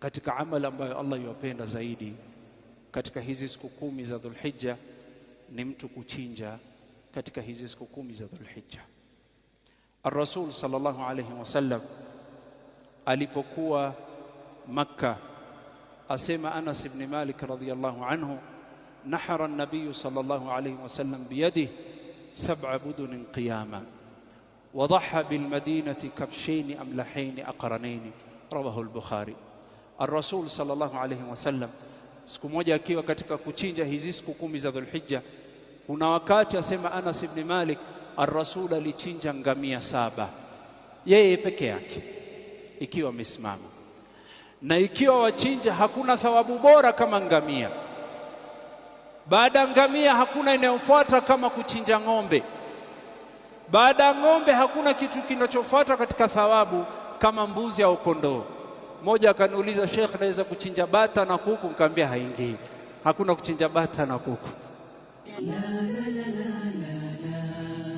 katika amali ambayo Allah yupenda zaidi katika hizi siku kumi za Dhulhijja ni mtu kuchinja katika hizi siku kumi za Dhulhijja. Ar-Rasul sallallahu alayhi wasallam alipokuwa Makka, asema Anas ibn Malik radhiyallahu anhu, nahara an-nabiy sallallahu alayhi wasallam biyadihi sab'a budunin qiyama wa dhaha bil madinati kabshayn amlahayn aqranayn, rawahu al-Bukhari. Ar-Rasul sallallahu alayhi wasallam, siku moja akiwa katika kuchinja hizi siku kumi za Dhulhijja, kuna wakati asema Anas ibn Malik, Ar-Rasul alichinja ngamia saba yeye peke yake, ikiwa amesimama na ikiwa wachinja, hakuna thawabu bora kama ngamia. Baada ya ngamia hakuna inayofuata kama kuchinja ng'ombe. Baada ya ng'ombe hakuna kitu kinachofuata katika thawabu kama mbuzi au kondoo. Mmoja akaniuliza Sheikh, naweza kuchinja bata na kuku? Nikamwambia haingii, hakuna kuchinja bata na kuku la, la, la, la, la.